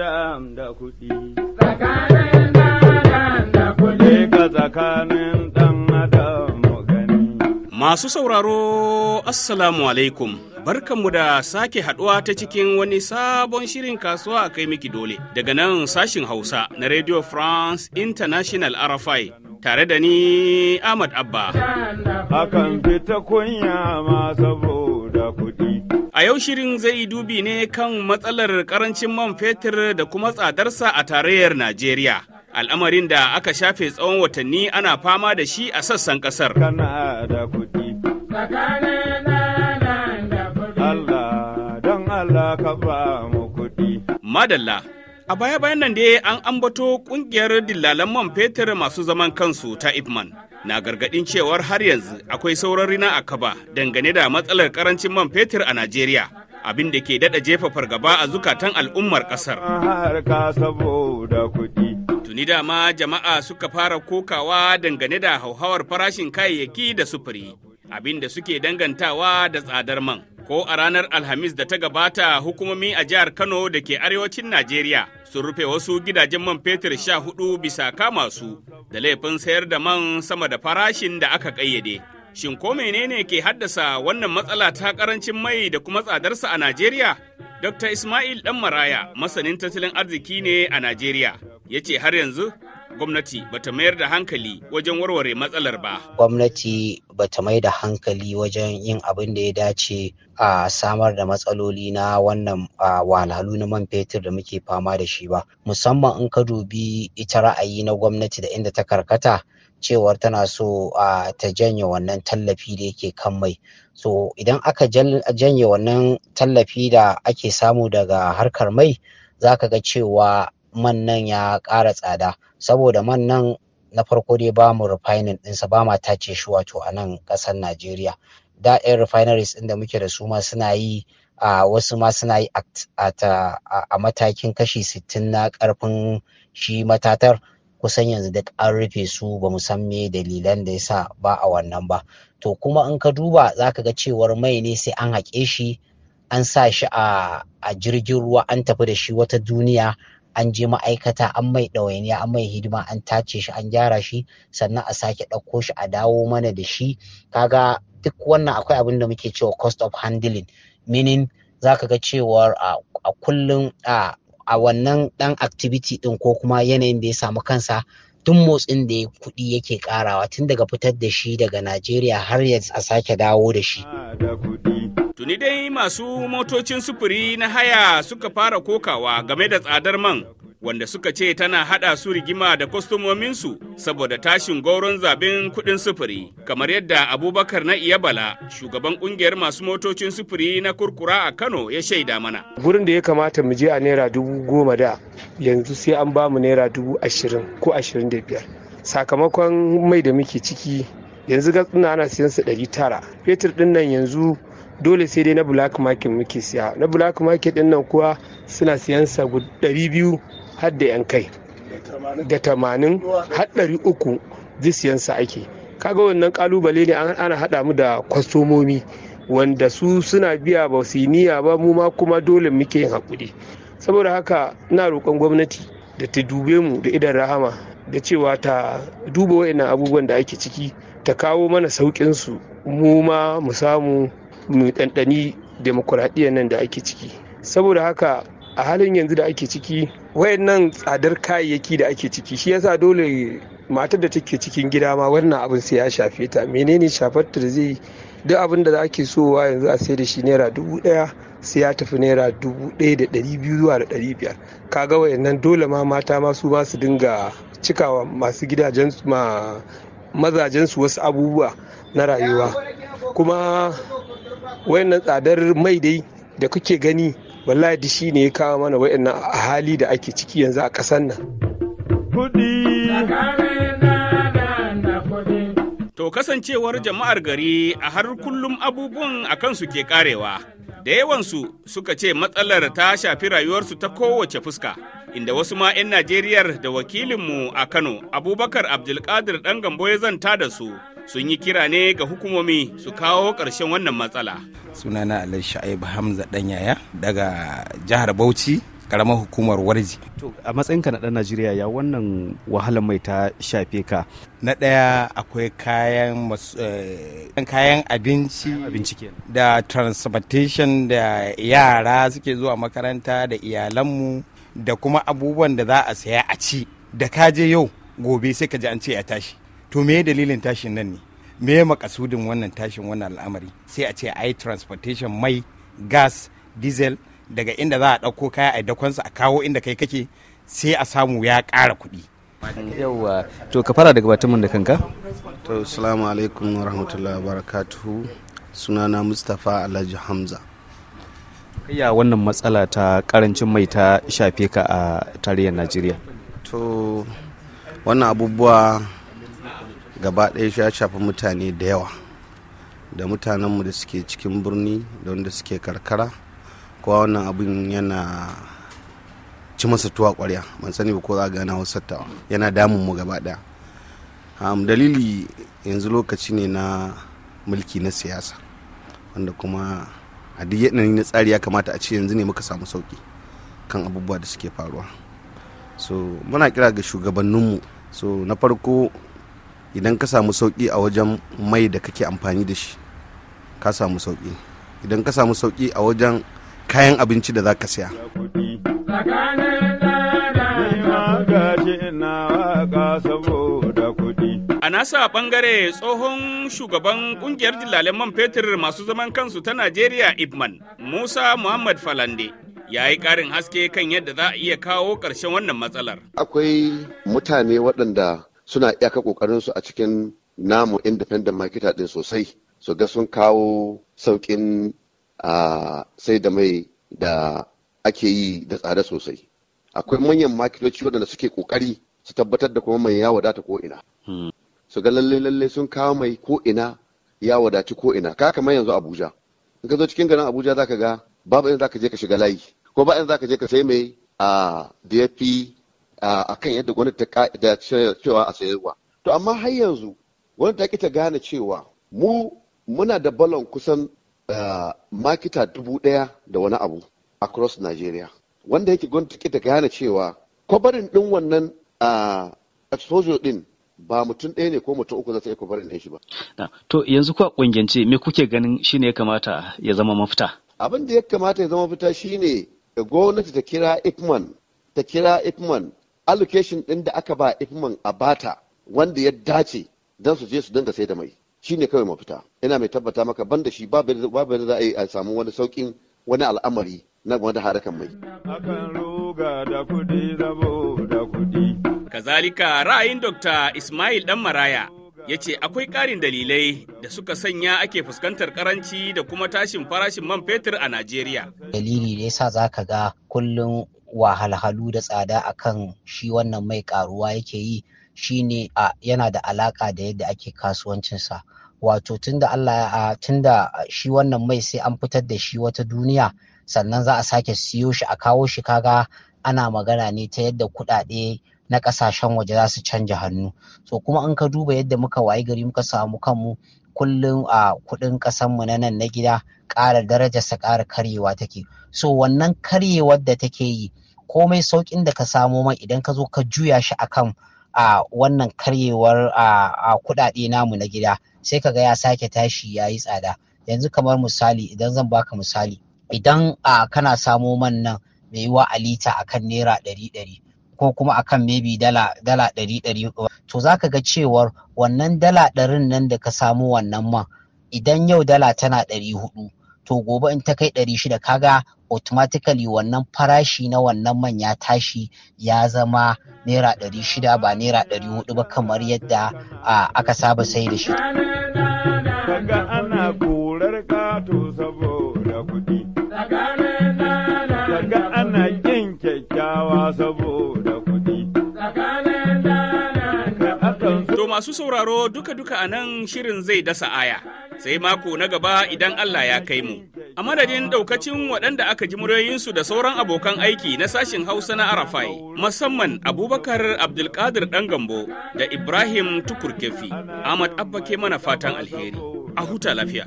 dam da kuɗi. da kuɗi. Ka tsakanin dan adam Masu sauraro, Assalamu alaikum. Barkanmu da sake haɗuwa ta cikin wani sabon shirin kasuwa a kai miki dole daga nan sashin Hausa na Radio France International RFI tare da ni Ahmad Abba. Akan fita kunya ma saboda kuɗi. A yau shirin zai dubi ne kan matsalar karancin man fetur da kuma tsadarsa a tarayyar Najeriya. Al'amarin da aka shafe tsawon watanni ana fama da shi a sassan ƙasar. Madalla, a baya-bayan nan dai an ambato ƙungiyar dillalan man fetur masu zaman kansu ta Ipman. na gargadin cewar har yanzu akwai sauran rina a kaba dangane da matsalar karancin man fetur a Najeriya abin da ke dada jefa fargaba a zukatan al'ummar kasar. Tuni dama jama'a suka fara kokawa dangane da hauhawar farashin kayayyaki da sufuri abin da suke dangantawa da tsadar man. Ko a ranar Alhamis da ta gabata hukumomi a jihar Kano da ke arewacin Najeriya sun rufe wasu gidajen man fetur sha hudu bisa kama su da laifin sayar da man sama da farashin da aka ƙayyade. Shin ko menene ke haddasa wannan matsala ta karancin mai da kuma tsadarsa a Najeriya? Dr. Ismail Ɗan Maraya, masanin tattalin arziki ne a Najeriya, ya ce har yanzu gwamnati bata mayar da hankali wajen warware matsalar ba. Gwamnati bata mai da hankali wajen yin abin da ya dace a samar da matsaloli na wannan walalu na man fetur da muke fama da shi ba. Musamman in ka dubi ita ra'ayi na gwamnati da inda ta karkata cewar tana so ta janye wannan tallafi da yake kan mai. So idan aka janye wannan tallafi da ake samu daga harkar mai za ka ga cewa man nan ya ƙara tsada saboda mannan na farko dai ba mu refining ɗinsa ba ma tace shi wato a nan ƙasar Najeriya da yan refineries ɗin da muke da su ma suna yi a wasu ma suna yi a matakin kashi sittin na ƙarfin shi matatar kusan yanzu duk an rufe su ba mu san me dalilan da yasa ba a wannan ba to kuma in ka duba za ka ga cewar mai ne sai an haƙe shi an sa shi a jirgin ruwa an tafi da shi wata duniya an je ma'aikata an mai ɗawainiya an mai hidima an tace shi an gyara shi sannan a sake ɗauko shi a dawo mana da shi kaga duk wannan akwai abin da muke cewa cost of handling meaning za ka ga cewar a kullum a wannan ɗan activity ɗin ko kuma yanayin da ya samu kansa duk motsin da kuɗi yake ƙarawa tun daga fitar da shi daga najeriya har ya a sake dawo da shi. Tuni dai masu motocin sufuri na haya suka fara kokawa game da tsadar man wanda suka ce tana hada su rigima da kwastomominsu saboda tashin gauron zaben kudin sufuri kamar yadda abubakar na iyabala shugaban kungiyar masu motocin sufuri na kurkura a kano ya shaida mana gurin da ya kamata mu je a naira dubu goma da yanzu sai an ba mu naira dubu ashirin ko ashirin da biyar sakamakon mai da muke ciki yanzu gatsuna ana siyan su ɗari tara fetur ɗin nan yanzu dole sai dai na black market muke siya na black market din nan kuwa suna siyan sa biyu har da yan kai da 80 har 300 siyan sa ake kaga wannan kalubale ne ana hada mu da kwastomomi wanda su suna biya ba su ba mu ma kuma dole muke yin hakuri saboda haka na roƙon gwamnati da ta dube mu da idan rahama da cewa ta duba wa'annan abubuwan da ake ciki ta kawo mana sauƙinsu mu ma mu samu mu ɗanɗani demokuraɗiyyar nan da ake ciki saboda haka a halin yanzu da ake ciki wayannan tsadar kayayyaki da ake ciki shi yasa dole matar da take cikin gida ma wannan abin sai ya shafe ta menene shafar ta da zai duk abin da ake sowa yanzu a sai da shi naira dubu daya sai ya tafi naira dubu daya da dari biyu zuwa da dari biyar kaga wayannan dole ma mata ma su ba su dinga cikawa masu gidajen ma mazajensu wasu abubuwa na rayuwa kuma wayannan tsadar mai dai da kuke gani wallahi da shi ne ya kawo mana wayannan a hali da ake ciki yanzu a ƙasar nan To kasancewar jama'ar gari a har kullum abubuwan a kansu ke karewa, da yawan su suka ce matsalar ta shafi rayuwarsu ta kowace fuska, inda wasu ma 'yan Najeriyar da wakilinmu a Kano, Abubakar Abdulkadir ɗan gambo ya zanta da su. sun yi kira ne ga hukumomi su kawo ƙarshen wannan matsala. Sunana Alai Sha'ib Hamza Danyaya daga jihar Bauchi karamar hukumar warji. To a matsayinka na ɗan Najeriya ya wannan wahalar mai ta shafe ka. Na ɗaya akwai kayan eh, kayan abinci da transportation da yara suke zuwa makaranta da iyalanmu da kuma abubuwan da za a saya a ci da kaje yau gobe sai ka ji an ce ya tashi to me dalilin tashin nan ne me makasudin wannan tashin wannan al'amari sai a ce ai transportation mai gas diesel daga inda za a ɗauko kaya a dakonsa a kawo inda kai kake sai a samu ya ƙara kuɗi yauwa to ka fara daga batun da kanka to assalamu alaikum wa rahmatullahi wa barakatuhu sunana mustapha alhaji hamza ya wannan matsala ta karancin mai ta shafe ka a tarihin najeriya to wannan abubuwa gaba ɗaya ya shafi mutane da yawa da mutanenmu da suke cikin birni da wanda suke karkara kowa wannan abin yana ci masa tuwa kwarya ban sani ba ko za gana na wasattawa yana damun mu gaba ɗaya dalili yanzu lokaci ne na mulki na siyasa wanda kuma a duk yanayi na tsari ya kamata a ce yanzu ne muka samu sauki kan abubuwa da suke faruwa so muna kira ga shugabanninmu so na farko idan ka samu sauki a wajen mai da kake amfani da shi ka samu sauki idan ka samu sauki a wajen kayan abinci da za ka siya A nasa bangare tsohon shugaban kungiyar dilalen man fetur masu zaman kansu ta Najeriya Ibman Musa Muhammad Falande ya yi ƙarin haske kan yadda za a iya kawo ƙarshen wannan matsalar. Akwai mutane waɗanda suna iyaka kokarin su a cikin namu independent marketer din sosai su ga sun kawo sauƙin sai da mai da ake yi da tsada sosai akwai manyan makitoci waɗanda suke kokari su tabbatar da kuma mai ya wadata ko ina hmm. su ga lalle lalle sun kawo mai ko ina ya wadaci ko ina ka kamar yanzu abuja in ka zo cikin garin abuja zaka ga babu inda zaka je ka shiga layi ko ba inda zaka je ka sai mai a dfp akan yadda gwamnati ta da cewa a sayarwa to amma har yanzu gwamnati ta ki ta gane cewa mu muna da balon kusan eh, makita dubu ɗaya da wani abu across Nigeria wanda yake gwamnati ta ki ta gane cewa kwabarin ɗin wannan exposure ɗin ba mutum ɗaya ne ko mutum uku za ta iya kwabarin ɗin shi ba. To yanzu kuwa ƙungiyance me kuke ganin shi ne ya kamata ya zama mafita? Abin da ya kamata ya zama mafita shi ne gwamnati ta kira ipman ta kira Ikman allocation ɗin da aka ba ifman a bata wanda ya dace don su je su dinga sai da mai shi ne kawai mafita ina mai tabbata maka ban da shi babu yadda za a yi a samu wani sauƙin wani al'amari na wani harakan mai. Akan da Kazalika ra'ayin Dr. Ismail Dan Maraya ya ce akwai ƙarin dalilai da suka sanya ake fuskantar karanci da kuma tashin farashin man fetur a Najeriya. Dalili da yasa za ka ga kullum wahalhalu da tsada akan shi wannan mai ƙaruwa yake yi shine a yana da alaƙa da yadda ake kasuwancinsa wato tunda Allah tunda shi wannan mai sai an fitar da shi wata duniya sannan za a sake siyo shi a kawo shi kaga ana magana ne ta yadda kuɗaɗe na ƙasashen waje za su canja hannu so kuma in ka duba yadda muka wayi gari muka samu kanmu kullum a kuɗin ƙasanmu na nan na gida ƙara darajarsa ƙara karyewa take so wannan karyewar da take yi komai saukin da ka samo mai idan ka zo ka juya shi akan a wannan karyewar a kuɗaɗe namu na gida sai ka ga ya sake tashi ya yi tsada yanzu kamar misali idan zan baka misali idan a kana samo man nan mai yiwa a lita akan naira ɗari ɗari ko kuma akan maybe dala dala ɗari ɗari to za ka ga cewar wannan dala ɗarin nan da ka samu wannan man idan yau dala tana ɗari hudu to gobe in ta kai ɗari shida kaga automatically wannan farashi na wannan man ya tashi ya zama naira ɗari shida ba naira ɗari hudu ba kamar yadda aka saba sai da shi. To masu sauraro duka-duka a nan shirin zai dasa aya, sai mako na gaba idan Allah ya kai mu. A madadin daukacin waɗanda aka ji muryoyinsu da sauran abokan aiki na sashin Hausa na Arafai, musamman Abubakar Abdulkadir ɗan gambo da Ibrahim Tukurkefi, Ahmad Abba ke mana fatan alheri. A huta lafiya.